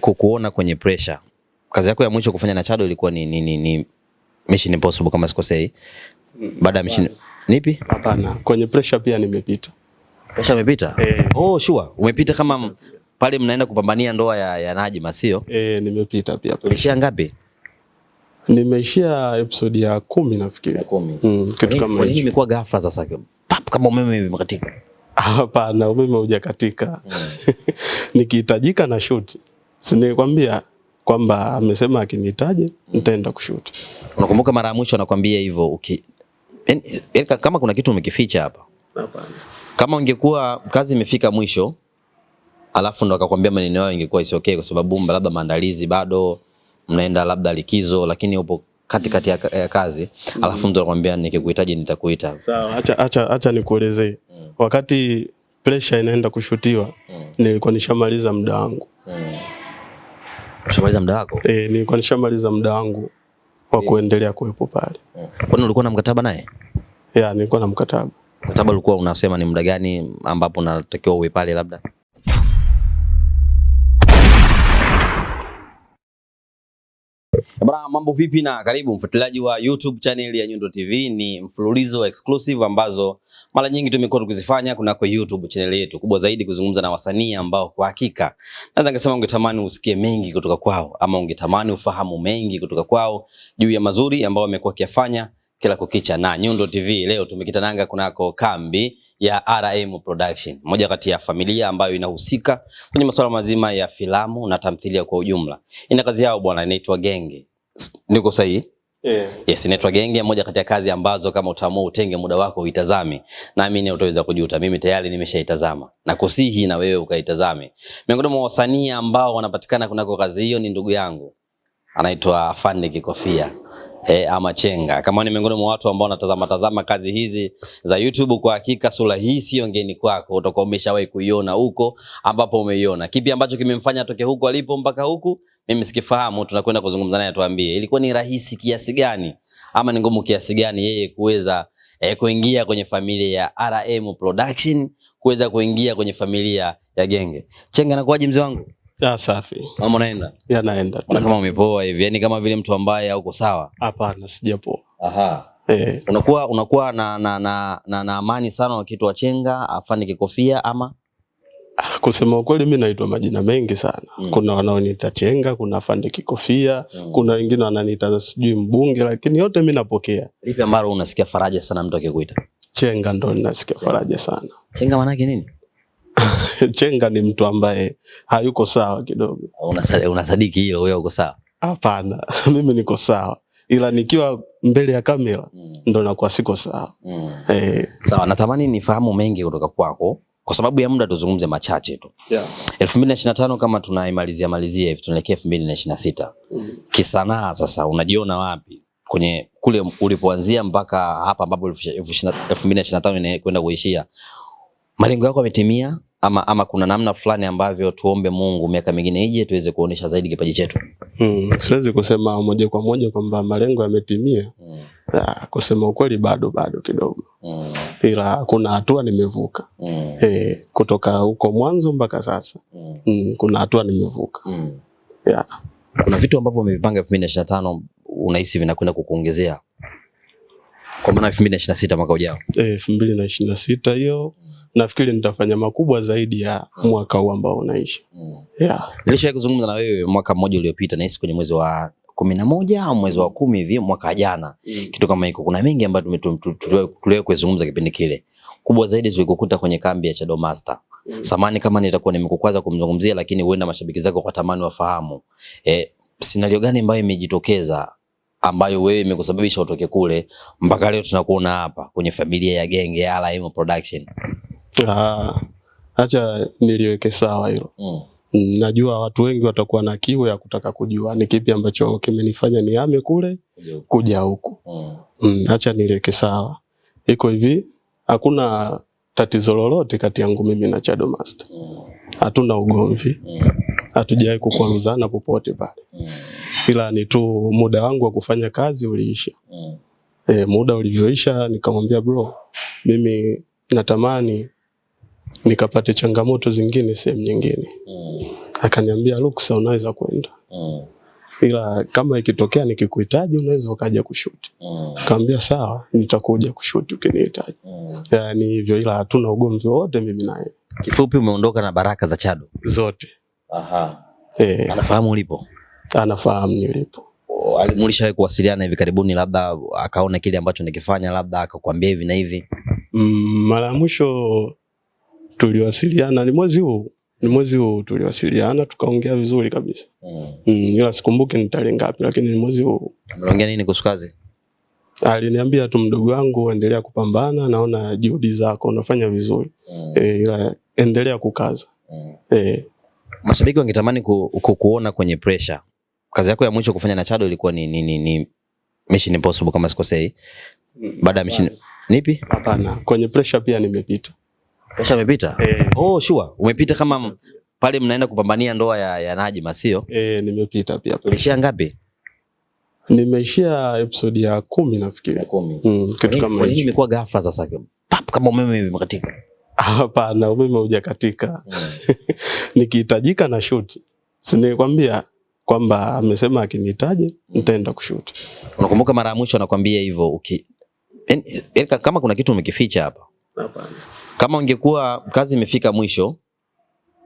kukuona kwenye pressure. Kazi yako ya mwisho kufanya na Chado ilikuwa ni, ni, ni, ni Mission Impossible kama sikosei. Baada ya Mission nipi? Hapana, kwenye pressure pia nimepita. Pressure imepita? Eh. Oh, sure. Umepita kama pale mnaenda kupambania ndoa ya, ya Najma sio? Eh, nimepita pia. Ulishia ngapi? Nimeishia episode ya kumi nafikiri. Ya kumi. Mm, kitu kama hicho. Imekuwa ghafla sasa. Pap kama umeme umekatika. Hapana, umeme hujakatika. Mm. Nikihitajika na shoot. Si nilikwambia kwamba amesema akinitaje nitaenda kushuti. Unakumbuka mara ya mwisho anakwambia hivyo uki en, en, kama kuna kitu umekificha hapa. Hapana. Kama ungekuwa kazi imefika mwisho alafu ndo akakwambia maneno yao ingekuwa isi okay, kwa sababu labda maandalizi bado mnaenda labda likizo, lakini upo kati kati ya kazi Alafu mtu anakuambia nikikuhitaji nitakuita. Sawa, acha acha acha nikuelezee mm. Wakati pressure inaenda kushutiwa mm. Nilikuwa nishamaliza muda wangu mm. Ushamaliza muda wako? Eh, nilikuwa nishamaliza muda wangu wa eh. kuendelea kuwepo pale. nini ulikuwa na mkataba naye? Yeah, nilikuwa na mkataba. Mkataba ulikuwa unasema ni muda gani ambapo unatakiwa uwe pale labda? Bra, mambo vipi, na karibu mfuatiliaji wa YouTube channel ya Nyundo TV. Ni mfululizo exclusive ambazo mara nyingi tumekuwa tukizifanya kunako YouTube channel yetu, kubwa zaidi kuzungumza na wasanii ambao kwa hakika naweza ngasema ungetamani usikie mengi kutoka kwao, ama ungetamani ufahamu mengi kutoka kwao juu ya mazuri ambayo wamekuwa wakiyafanya kila kukicha. Na Nyundo TV leo tumekitananga kunako kambi ya RM Production, moja kati ya familia ambayo inahusika kwenye masuala mazima ya filamu na tamthilia kwa ujumla. Ina kazi yao bwana, inaitwa Genge niko sahihi? Yeah. Yes, inaitwa genge, moja kati ya kazi ambazo kama utaamua utenge muda wako uitazame, naamini utaweza kujuta. Mimi tayari nimeshaitazama na kusihi na wewe ukaitazame. Miongoni mwa wasanii ambao wanapatikana kunako kazi hiyo ni ndugu yangu anaitwa Afande Kikofia He, eh, ama Chenga kama ni miongoni mwa watu ambao wanatazama tazama kazi hizi za YouTube, kwa hakika sura hii sio ngeni kwako, utakuwa umeshawahi kuiona huko ambapo umeiona. Kipi ambacho kimemfanya atoke huko alipo mpaka huku? mimi sikifahamu, tunakwenda kuzungumza naye atuambie ilikuwa ni rahisi kiasi gani ama ni ngumu kiasi gani yeye kuweza eh, kuingia kwenye familia ya RM Production, kuweza kuingia kwenye familia ya Genge. Chenga na kuaje mzee wangu? Ya safi. Mambo naenda? Ya naenda. Una kama umepoa hivi, yani kama vile mtu ambaye hauko sawa? Hapana, sijapoa. Aha. Eh. Unakuwa unakuwa na na na na, na amani sana wakitu wa Chenga afanye kikofia ama Ah, kusema ukweli, mi naitwa majina mengi sana mm. Kuna wanaoniita Chenga, kuna Fande Kikofia mm. Kuna wengine wananiita sijui mbunge, lakini yote mi napokea. Lipi ambalo unasikia faraja sana mtu akikuita Chenga? Ndo ninasikia faraja sana Chenga. Maana yake nini? Chenga ni mtu ambaye hayuko sawa kidogo. Ah, Unasadiki hilo wewe? Uko sawa? Hapana, mimi niko sawa, ila nikiwa mbele ya kamera mm. ndo nakuwa siko sawa mm. Eh. Sawa, natamani nifahamu mengi kutoka kwako kwa sababu ya muda tuzungumze machache tu. Yeah. 2025 kama tunaimalizia malizia hivi tunaelekea 2026. Mm. Kisanaa sasa unajiona wapi kwenye kule ulipoanzia mpaka hapa ambapo 2025 inakwenda kuishia? Malengo yako yametimia? ama, ama kuna namna fulani ambavyo tuombe Mungu miaka mingine ije tuweze kuonesha zaidi kipaji chetu. Hmm, siwezi kusema moja kwa moja kwamba malengo yametimia. Hmm. Ah, kusema ukweli bado bado kidogo. Mm. Ila kuna hatua nimevuka. Mm. Eh, kutoka huko mwanzo mpaka sasa. Mm. Mm, kuna hatua nimevuka. Mm. Yeah. Kuna vitu ambavyo umevipanga 2025 unahisi vinakwenda kukuongezea. Kwa maana 2026 mwaka ujao. Eh, 2026 hiyo mm nafikiri nitafanya makubwa zaidi ya hmm. mwaka huu ambao unaisha. Hmm. Yeah. Nilishawahi kuzungumza na wewe mwaka mmoja uliopita, nahisi kwenye mwezi wa kumi na moja au mwezi wa kumi hivi mwaka jana, mm. kitu kama hiko. Kuna mengi ambayo tuliwahi kuzungumza kipindi kile, kubwa zaidi tulikokuta kwenye kambi ya Shadow Master. Mm. Samani kama nitakuwa nimekukwaza kumzungumzia, lakini huenda mashabiki zako kwa tamani wafahamu eh, scenario gani ambayo imejitokeza ambayo wewe imekusababisha utoke kule mpaka leo tunakuona hapa kwenye familia ya genge ya Alaimo Production. Ah, acha niliweke sawa hilo. Mm. Najua watu wengi watakuwa na kiu ya kutaka kujua ni kipi ambacho kimenifanya nihame kule kuja huku. Mm. Mm, acha niliweke sawa. Iko hivi, hakuna tatizo lolote kati yangu mimi na Chado Master. Mm. Hatuna ugomvi. Mm. Hatujawahi kukwaruzana popote pale. Mm. Ila ni tu muda wangu wa kufanya kazi uliisha. E, muda ulivyoisha nikamwambia bro, mimi natamani nikapate changamoto zingine sehemu nyingine mm. Akaniambia ruksa, unaweza kwenda mm. ila kama ikitokea nikikuhitaji unaweza ukaja kushuti mm. Kaambia sawa, nitakuja kushuti ukinihitaji mm. Yani hivyo, ila hatuna ugomvi wowote mimi naye. Kifupi, umeondoka na baraka za Chado zote. Aha. E, anafahamu ulipo, anafahamu nilipo oh, Mulishawahi kuwasiliana hivi karibuni, labda akaona kile ambacho nikifanya, labda akakwambia hivi na hivi? Mm, mara ya mwisho tuliwasiliana, ni mwezi huu, ni mwezi huu tuliwasiliana, tukaongea vizuri kabisa mm. Mm, ila sikumbuki ni tarehe ngapi, lakini ni mwezi huu. Mnaongea nini kuhusu kazi? Aliniambia tu mdogo wangu, endelea kupambana, naona juhudi zako unafanya vizuri mm. E, ila endelea kukaza mm. E. Mashabiki wangetamani ku, ku, kuona kwenye pressure. Kazi yako ya mwisho kufanya na Chado ilikuwa ni, ni, ni, ni Mission Impossible kama sikosei. Baada ya Mission nipi? Hapana, kwenye pressure pia nimepita. Kesha umepita? Eh. Oh, sure. Umepita kama pale mnaenda kupambania ndoa ya, ya Najma sio? Eh, nimepita pia. Ulishia ngapi? Nimeishia episode ya kumi nafikiri. Kumi. Mm, kitu kama hicho. Imekuwa ghafla sasa. Pap kama umeme umekatika. Hapana, umeme hujakatika. Hmm. Nikihitajika na shoot. Sinikwambia kwamba amesema akinihitaji nitaenda kushoot. Unakumbuka mara ya mwisho anakwambia hivyo uki... En, en, kama kuna kitu umekificha hapa. Hapana. Kama ungekuwa kazi imefika mwisho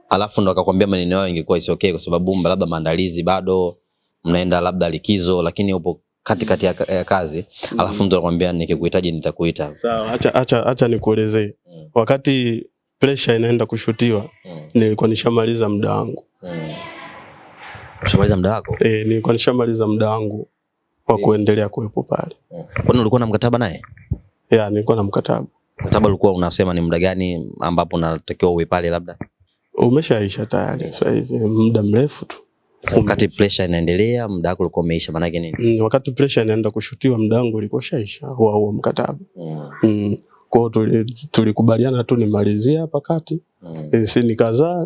alafu ndo akakwambia maneno yao ingekuwa is okay, kwa sababu labda maandalizi bado mnaenda labda likizo, lakini upo kati kati ya kazi alafu mtu anakuambia nikikuhitaji nitakuita. Sawa, acha acha acha nikuelezee. Mm. Wakati pressure inaenda kushutiwa mm. nilikuwa nishamaliza muda wangu. Nishamaliza mm. muda wako? Eh, nilikuwa nishamaliza muda wangu wa eh. kuendelea kuwepo pale. Kwani ulikuwa na mkataba naye? Yeah, nilikuwa na mkataba. Mkataba ulikuwa unasema ni muda gani ambapo natakiwa uwe pale? Labda umeshaisha tayari sasa hivi muda mrefu tu. Wakati pressure inaendelea, muda wako ulikuwa umeisha, maana yake nini? Mm, wakati pressure inaenda kushutiwa, muda wangu ulikuwa shaisha huo huo mkataba mm. Mm. Kwa hiyo tulikubaliana tu nimalizie hapa kati mm. Eh, si nikazaa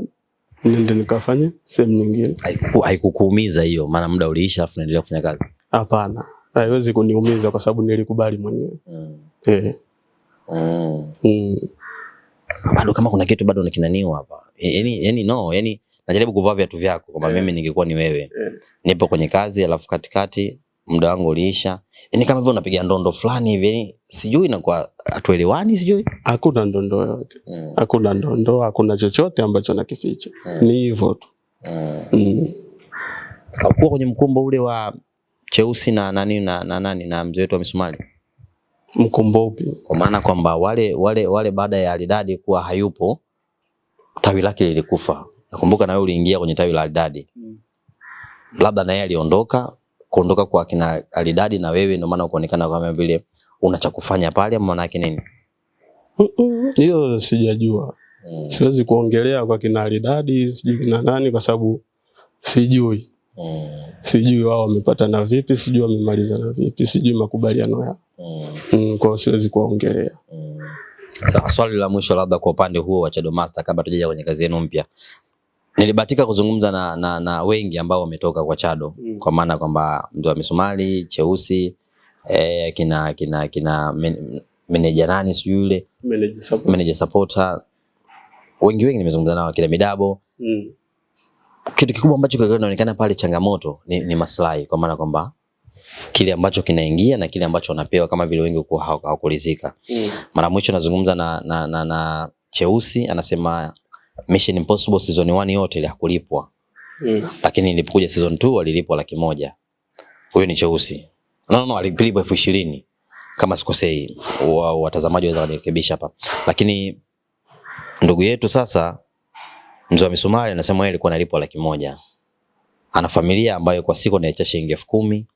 nende nikafanye sehemu nyingine. Haikukuumiza hiyo, maana muda uliisha, afu naendelea kufanya kazi? Hapana, haiwezi kuniumiza kwa sababu nilikubali mwenyewe mm. eh mm. bado kama kuna kitu bado nikinaniwa hapa e, yani, yani no yani najaribu kuvaa viatu vyako kwamba yeah. Mimi ningekuwa ni wewe yeah. Nipo kwenye kazi alafu katikati muda wangu uliisha, yani kama hivyo unapiga ndondo fulani hivi, yani sijui inakuwa hatuelewani, sijui hakuna ndondo yoyote mm. Hakuna ndondo, hakuna chochote ambacho nakificha mm. Ni hivyo tu mm. mm. Hakuwa kwenye mkumbo ule wa cheusi na nani na, na, nani na mzee wetu wa misumari mkombo upi? Kwa maana kwamba wale wale wale baada ya Alidadi kuwa hayupo tawi lake lilikufa. Nakumbuka na wewe uliingia kwenye tawi la Alidadi. Mm. Labda na yeye aliondoka, kuondoka kwa kina Alidadi na wewe ndio maana ukaonekana kama vile una cha kufanya pale ama maana yake nini? Hiyo mm -mm, sijajua. Mm. Siwezi kuongelea kwa kina Alidadi, sijui kina nani kwa sababu sijui. Mm. Sijui wao wamepata na vipi, sijui wamemaliza na vipi, sijui makubaliano yao mm. Mm, kwa siwezi kuwaongelea mm. Sasa swali la mwisho labda kwa upande huo wa Chado Master kabla tujaja kwenye kazi yenu mpya nilibahatika kuzungumza na, na, na wengi ambao wametoka kwa Chado mm. kwa maana kwamba mtu wa misumali cheusi eh, kina kina kina men, meneja nani si yule meneja support. meneja supporter wengi wengi nimezungumza nao kila midabo mm. kitu kikubwa ambacho kinaonekana pale changamoto ni, ni maslahi kwa maana kwamba kile ambacho kinaingia na kile ambacho wanapewa, kama vile wengi huko hawakulizika. Mm. Mara mwisho nazungumza na, na, na, na Cheusi anasema Mission Impossible season 1 yote ilikulipwa Mm. Lakini ilipokuja season 2 walilipwa laki moja. Huyo ni Cheusi. No, no, no, alipilipwa elfu ishirini kama sikosei, watazamaji waweza wanirekebisha hapa, lakini ndugu yetu sasa mzee wa misumari anasema yeye alikuwa analipwa laki moja. Ana familia ambayo kwa siku anaicha shilingi elfu kumi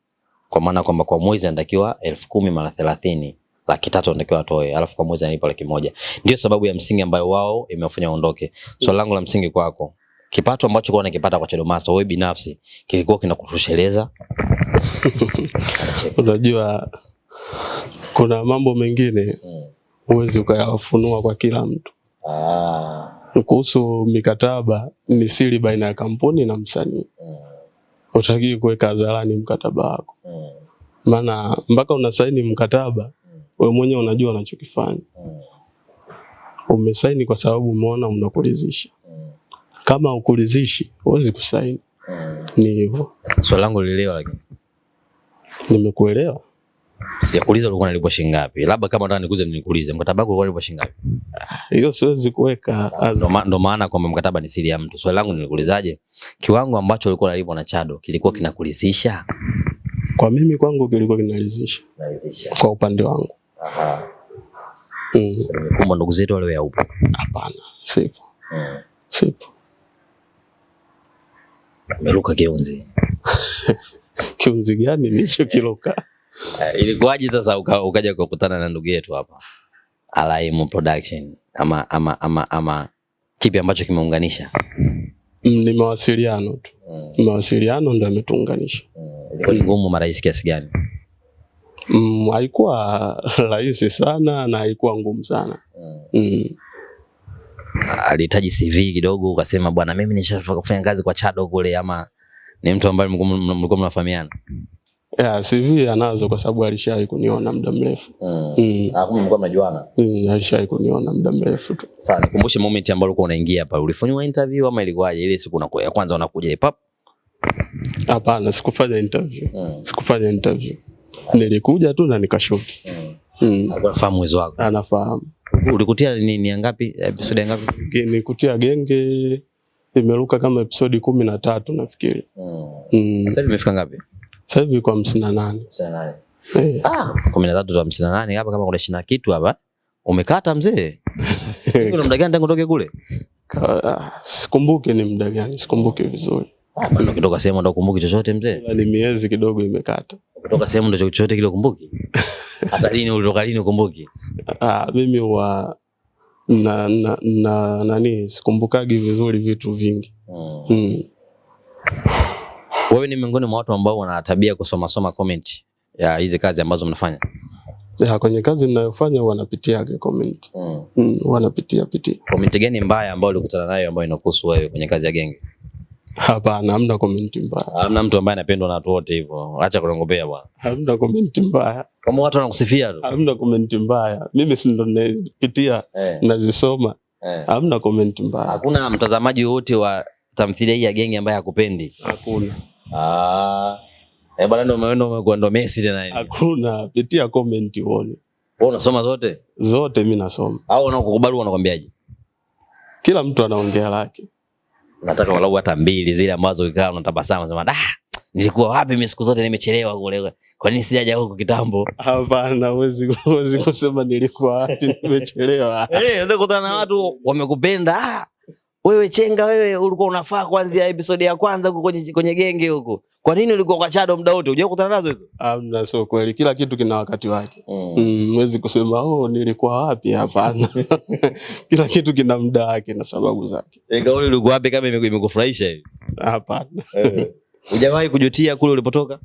kwa maana kwamba kwa mwezi anatakiwa elfu kumi mara thelathini laki tatu anatakiwa atoe, alafu kwa mwezi analipa laki moja. Ndio sababu ya msingi ambayo wao imewafanya waondoke. Swali so, langu la msingi kwako, kipato ambacho kwa unakipata kwa Master wewe binafsi kilikuwa kinakutosheleza? Unajua kuna mambo mengine huwezi hmm, ukayafunua kwa kila mtu. Ah, kuhusu mikataba ni siri baina ya kampuni na msanii. Hmm, utaki kuweka hadharani mkataba wako maana mpaka unasaini mkataba we mwenyewe unajua unachokifanya. Umesaini kwa sababu umeona unakuridhisha, kama ukuridhishi huwezi kusaini. Ni hivyo. Swali langu lilielewa, lakini nimekuelewa. Sijakuuliza ulikuwa unalipwa shilingi ngapi? Labda kama unataka nikuze nikuulize. Mkataba wako ulikuwa unalipwa shilingi ngapi? Hiyo siwezi kuweka. ndo maana kwamba mkataba ni siri ya mtu. Swali langu nilikuulizaje? Kiwango ambacho ulikuwa unalipwa na Chado kilikuwa kinakuridhisha? Kwa mimi kwangu kilikuwa kinalizisha kwa upande wangu. Aha. Mm. ndugu zetu wale yaupo? Hapana, sipo. Mm. Sipo. Meruka kiunzi. Kiunzi gani nicho kiloka? Uh, eh, ilikuwaje sasa uka, ukaja kukutana na ndugu yetu hapa Alaim Production ama ama ama ama kipi ambacho kimeunganisha? Mm, ni mawasiliano tu. Mm. Mawasiliano ndio ametuunganisha. Mm ligumu hmm. marahisi kiasi gani? Mm, haikuwa rahisi sana na haikuwa ngumu sana mm. Mm. Alihitaji CV kidogo, ukasema bwana, mimi nishafika kufanya kazi kwa Chado kule, ama ni mtu ambaye mlikuwa mnafahamiana? Yeah, CV anazo kwa sababu alishawahi kuniona muda mrefu. Mm. Mm. Ah, kumbe mlikuwa mnajuana. Mm, alishawahi kuniona muda mrefu tu. Sasa nikumbushe moment ambayo ulikuwa unaingia pale, ulifanywa interview ama ilikuwaje ile siku ya kwanza unakuja ile pap Hapana, sikufanya interview. Mm. Sikufanya interview. Nilikuja tu na nikashuti. Mm. Hmm. Anafahamu uwezo wako. Anafahamu. Ulikutia ni, ni ngapi episode ya ngapi? Nikutia genge imeruka kama episode kumi na tatu nafikiri. Mm. Mm. Sasa imefika ngapi? Sasa hivi kwa hamsini na nane. Eh. Ah, kumi na tatu za hamsini na nane hapa kama kuna shina kitu hapa. Umekata mzee. Kuna muda gani tangu toke kule? Ah, sikumbuki ni muda gani, sikumbuki vizuri. Bado ah, kitoka sehemu ndo kumbuki chochote mzee? Ni miezi kidogo imekata. Kutoka sehemu ndo chochote kile kumbuki? Hata lini ulitoka lini kumbuki? Ah, mimi wa na na, na nani sikumbukagi vizuri vitu vingi. hmm. Mm. Wewe ni miongoni mwa watu ambao wana tabia kusoma soma comment ya hizi kazi ambazo mnafanya? Ya, kwenye kazi ninayofanya wanapitia napitiaga comment. Mm. Mm, huwa pitia. Comment gani mbaya ambayo ulikutana nayo ambayo inakuhusu wewe kwenye kazi ya genge? Hapana, hamna komenti mbaya. Hamna mtu ambaye anapendwa na watu wote hivyo. Acha kulongopea bwana. Hamna komenti mbaya. Kama watu wanakusifia tu. Hamna komenti mbaya. Mimi si ndo nipitia eh, nazisoma. Eh. Hamna komenti mbaya. Hakuna mtazamaji wote wa tamthilia hii ya Genge ambaye hakupendi. Hakuna. Ah. Eh, bwana ndo umeenda umekuwa ndo Messi tena hivi. Hakuna, pitia komenti uone. Wewe unasoma zote? Zote mimi nasoma. Au wanaokukubali unakwambiaje? Kila mtu anaongea lake unataka walau hata mbili zile ambazo ukikaa unatabasamu unasema da, nilikuwa wapi mimi siku zote nimechelewa kule, kwa nini sijaja huku kitambo? Hapana, huwezi huwezi kusema nilikuwa wapi nimechelewa. Eh, unaweza kukutana na watu wamekupenda ah, wewe chenga wewe ulikuwa unafaa kuanzia episode ya kwanza huko kwenye, kwenye genge huko. Kwa nini ulikuwa kwa Chado muda wote? Unajua kukutana nazo hizo? Hamna, sio kweli. Kila kitu kina wakati wake. Mwezi mm. mm, kusema oh nilikuwa wapi hapana. Kila kitu kina muda wake na sababu zake. Eh, wewe ulikuwa wapi kama imekufurahisha hivi? Hapana. Eh. Hujawahi kujutia kule ulipotoka?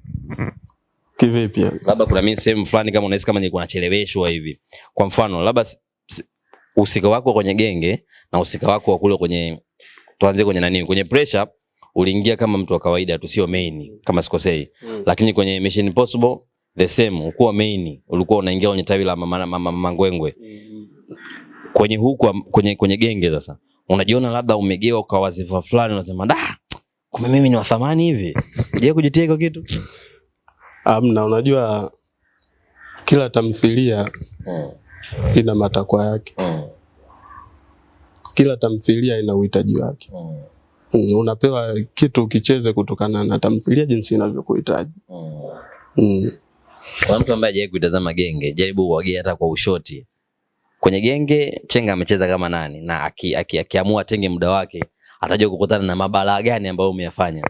Kivipi? Labda kuna mimi sehemu fulani kama unahisi kama nilikuwa nacheleweshwa hivi. Kwa mfano, labda usika wako kwenye genge na usika wako wa kule kwenye, tuanze kwenye nani, kwenye pressure uliingia kama mtu wa kawaida tu, sio main kama sikosei mm. Lakini kwenye Mission Impossible the same, ukuwa main, ulikuwa unaingia kwenye tawi la mama, mama, mama mama ngwengwe mm. Mm-hmm. Kwenye huku kwenye, kwenye genge sasa unajiona labda umegewa kwa wazifa fulani, unasema da, kumbe mimi ni wa thamani hivi. Je, kujitia iko kitu amna? Um, unajua kila tamthilia mm ina matakwa yake mm. Kila tamthilia ina uhitaji wake mm. Mm, unapewa kitu ukicheze kutokana na tamthilia jinsi inavyokuhitaji mm. mm. Kwa mtu ambaye hajawahi kuitazama genge, jaribu uwagee hata kwa ushoti. Kwenye genge Chenga amecheza kama nani, na akiamua aki, aki atenge muda wake atajua kukutana na mabala gani ambayo umeyafanya.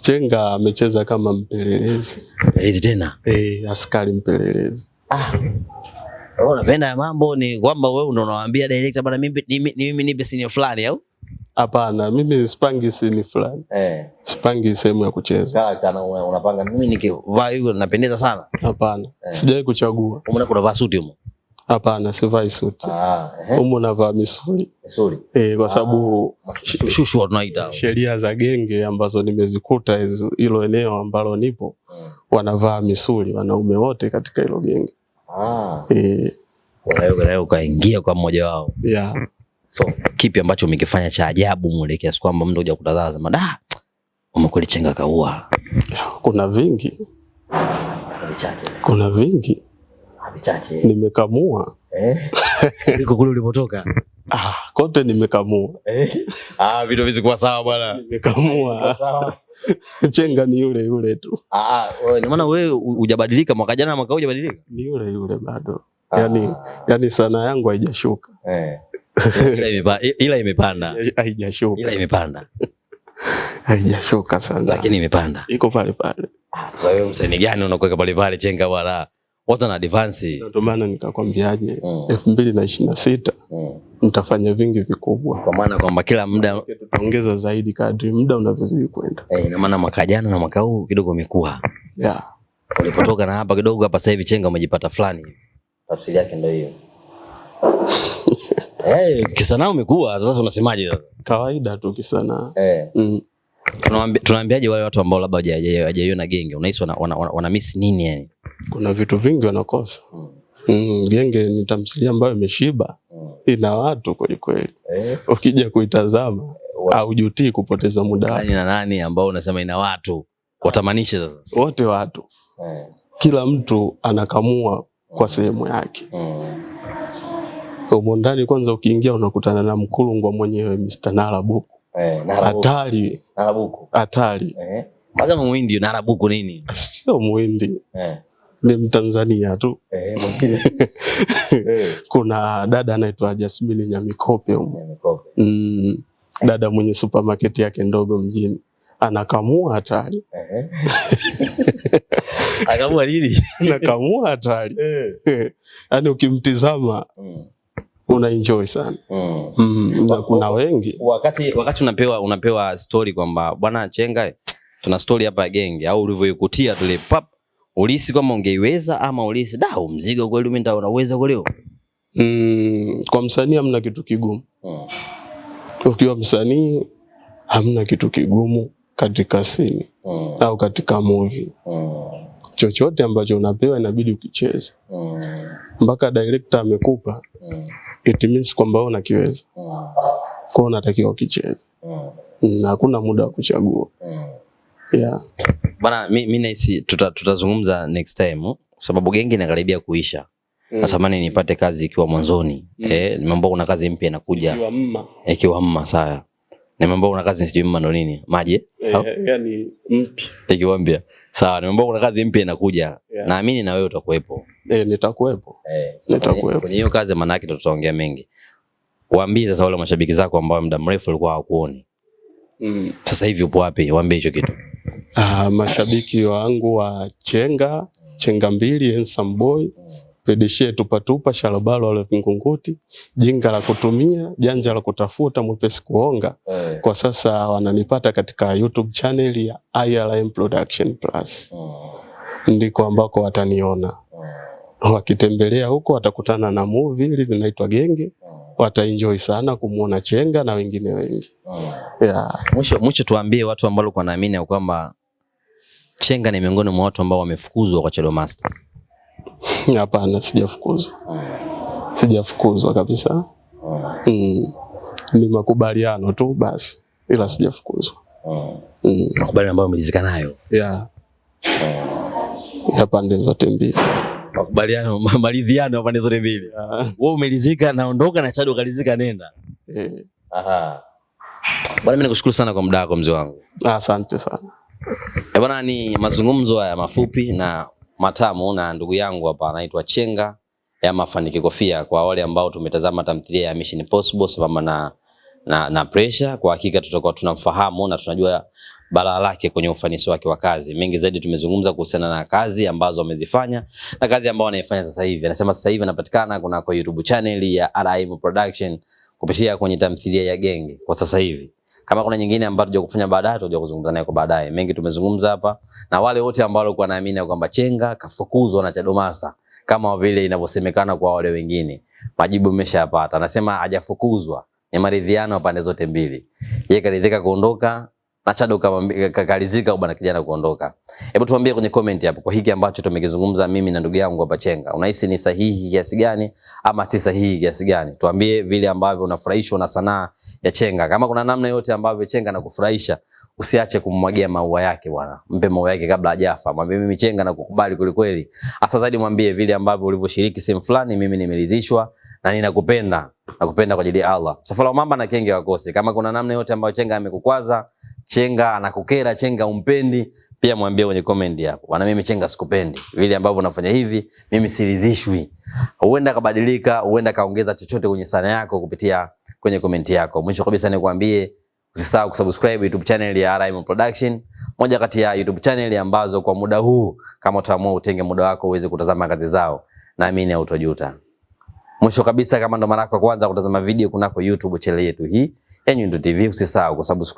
Chenga amecheza kama mpelelezi, mpelelezi tena eh, askari mpelelezi Ah. Wewe ya mambo ni kwamba wewe ndio unawaambia director bana mimi mimi ni, nipe sini fulani au? Hapana, mimi sipangi sini fulani. Eh. Sipangi sehemu ya kucheza. Sawa kana unapanga mimi nikivaa hiyo napendeza sana. Hapana. Eh. Sijawahi kuchagua. Umeona kuna vaa suti huko. Hapana, sivai suti. Ah, eh. Umo navaa misuli. Misuli. Eh, kwa ah, sababu ah, shushu tunaita. Sheria za genge ambazo nimezikuta hilo eneo ambalo nipo, hmm. Wanavaa misuli wanaume wote katika hilo genge. Ah. Eh. Wewe ukaingia kwa mmoja wao yeah. So kipi ambacho umekifanya cha ajabu mule kiasi kwamba mtu uja kutazama sema da, chenga kaua? Kuna vingi, kuna vingi Chache. Nimekamua eh? Liko kule ulipotoka ah, kote nimekamua eh? Ah, vitu vizikuwa sawa bwana, nimekamua Sawa. Chenga ni yule yule tu. Ah, ah wewe maana wewe hujabadilika mwaka jana na mwaka huu hujabadilika? Ni yule yule bado. Ah. Yaani yaani sanaa yangu haijashuka. Eh. Ila imepanda. Ila imepanda. Haijashuka. Ila imepanda. Haijashuka sana. Lakini imepanda. Iko pale pale. Ah, wewe msanii gani unakuweka pale pale Chenga wala watu na advance. Ndio maana nikakwambiaje mm. elfu mbili na ishirini na sita mtafanya mm. vingi vikubwa, kwa maana kwamba kila muda tutaongeza zaidi kadri muda unavyozidi kwenda. Eh, ina maana mwaka jana na mwaka huu kidogo umekuwa yeah, ulipotoka na hapa kidogo hapa, sasa hivi chenga umejipata fulani. Tafsiri yake ndio hiyo. Eh, kisanaa umekuwa sasa, unasemaje sasa? Kawaida tu kisanaa eh. mm. Tunaambiaje wale watu ambao labda hawajaiona genge, unahisi wana, wana, wana, wana miss nini yani? kuna vitu vingi wanakosa. Mm, Genge ni tamthilia ambayo imeshiba, ina watu kwelikweli. Eh? Ukija kuitazama haujutii kupoteza muda wako. Nani na nani ambao unasema ina watu watamanishe sasa? Wote watu, eh. kila mtu anakamua kwa mm. sehemu yake umo mm. ndani. Kwanza ukiingia unakutana na mkulungwa mwenyewe Mr. Narabuku. Eh, hatari. Narabuku. Hatari. Eh. Kama muhindi Narabuku nini? Sio muhindi. Eh ni Mtanzania tu eh, eh. kuna dada anaitwa Jasmini Nyamikope mm, dada mwenye supermarket yake ndogo mjini anakamua hatari nakamua eh. Anakamua nini? Anakamua hatari yani Yaani ukimtizama mm una enjoy sana mm. Mm, na kuna wengi wakati, wakati unapewa unapewa story kwamba bwana Chenga, tuna story hapa ya genge, au ulivyoikutia tule pap ulisi kama ungeiweza ama ulisi da mzigo kweli mimi unaweza kweli? Mm, kwa msanii hamna kitu kigumu. Hmm. Ukiwa msanii hamna kitu kigumu katika sini hmm, au katika movie. Hmm. Chochote ambacho unapewa inabidi ukicheze. Hmm. director amekupa. Hmm. It means kwamba wewe unakiweza. Hmm. Kwa unatakiwa ukicheze. Hmm. Hakuna muda wa kuchagua. Hmm. Yeah. Bana, mi, mi nahisi tutazungumza tuta next time sababu gengi inakaribia kuisha. Mm. Natamani nipate kazi ikiwa mwanzoni. Mm. Eh, nimeambiwa kuna kazi mpya inakuja. Ikiwa mma. mma sawa. Nimeambiwa kuna kazi sijui mma ndo nini? Maji? Eh, yaani mpya. Ikiwa mpya. Sawa, nimeambiwa kuna kazi mpya inakuja. Yeah. Naamini na wewe utakuwepo. Eh, nitakuwepo. Eh, nitakuwepo. Kwenye hiyo kazi maana yake tutaongea mengi. Waambie sasa wale mashabiki zako ambao muda mrefu walikuwa hawakuoni. Mm. Sasa hivi upo wapi? Waambie hicho kitu. Uh, mashabiki wangu wa Chenga, Chenga mbili, Handsome Boy, Pedeshe, Tupatupa, Sharobalo, vingunguti Jinga la kutumia, Janja la kutafuta, Mwepesi kuonga. Eh. Kwa sasa wananipata katika YouTube channel ya IRM Production Plus. Hmm. Ndiko ambako wataniona. Hmm. Wakitembelea huko watakutana na movie ili linaitwa Genge hmm. wataenjoy sana kumuona Chenga na wengine wengi. yeah. Mwisho mwisho, tuambie watu ambao walikuwa naamini kwamba Chenga ni miongoni mwa watu ambao wamefukuzwa kwa Chelo Master. Hapana, sijafukuzwa, sijafukuzwa kabisa. Mm. Ni makubaliano tu basi, ila sijafukuzwa. Mm. Makubaliano ambayo umelizika nayo yeah. ya pande zote mbili makubaliano maridhiano ya pande zote mbili. Wewe umelizika, naondoka na Chado kalizika, nenda. Eh. Aha. Bwana, mimi nakushukuru sana kwa muda wako mzee wangu, asante sana. Eh, bwana, ni mazungumzo haya mafupi na matamu na ndugu yangu hapa anaitwa Chenga ya Mafanikio Kofia. Kwa wale ambao tumetazama tamthilia ya Mission Impossible sambamba na, na, na pressure, kwa hakika tutakuwa tunamfahamu na tunajua balaa lake kwenye ufanisi wake wa kazi. Mengi zaidi tumezungumza kuhusiana na kazi ambazo amezifanya na kazi ambayo anaifanya sasa hivi. Anasema sasa hivi anapatikana kuna kwa YouTube channel ya Alaim Production kupitia kwenye tamthilia ya Genge kwa sasa hivi kama kuna nyingine ambayo tutakuja kufanya baadaye, tuja kuzungumza naye kwa baadaye. Mengi tumezungumza hapa, na wale wote ambao walikuwa naamini kwamba Chenga kafukuzwa na Chadomasta kama vile inavyosemekana kwa wale wengine, majibu ameshayapata. Anasema hajafukuzwa, ni maridhiano ya pande zote mbili. Yeye karidhika kuondoka, na Chado kakalizika bwana kijana kuondoka. Hebu tuambie kwenye comment hapo kwa hiki ambacho tumekizungumza mimi na ndugu yangu hapa Chenga. Unahisi ni sahihi kiasi gani ama si sahihi kiasi gani? Tuambie vile ambavyo unafurahishwa na sanaa ya Chenga. Kama kuna namna yote ambavyo Chenga anakufurahisha, usiache kummwagia maua yake bwana. Mpe maua yake kabla hajafa. Mwambie mimi Chenga nakukubali kweli kweli. Hasa zaidi mwambie vile ambavyo ulivyoshiriki sehemu fulani mimi nimeridhishwa na ninakupenda. Nakupenda kwa ajili ya Allah. Safari wa mamba na kenge wakose. Kama kuna namna yote ambayo Chenga amekukwaza Chenga anakukera, Chenga umpendi, pia mwambie kwenye comment hapo. Bwana mimi Chenga sikupendi. Vile ambavyo unafanya hivi, mimi siridhishwi. Huenda kabadilika, huenda kaongeza chochote kwenye sana yako kupitia kwenye comment yako. Mwisho kabisa nikwambie usisahau kusubscribe YouTube channel ya RM Production, moja kati ya YouTube channel ambazo kwa muda huu kama utaamua utenge muda wako uweze kutazama kazi zao, naamini hautojuta. Mwisho kabisa, kama ndo mara yako ya kwanza kutazama video kunako YouTube channel yetu hii ya Nyundo TV, usisahau kusubscribe.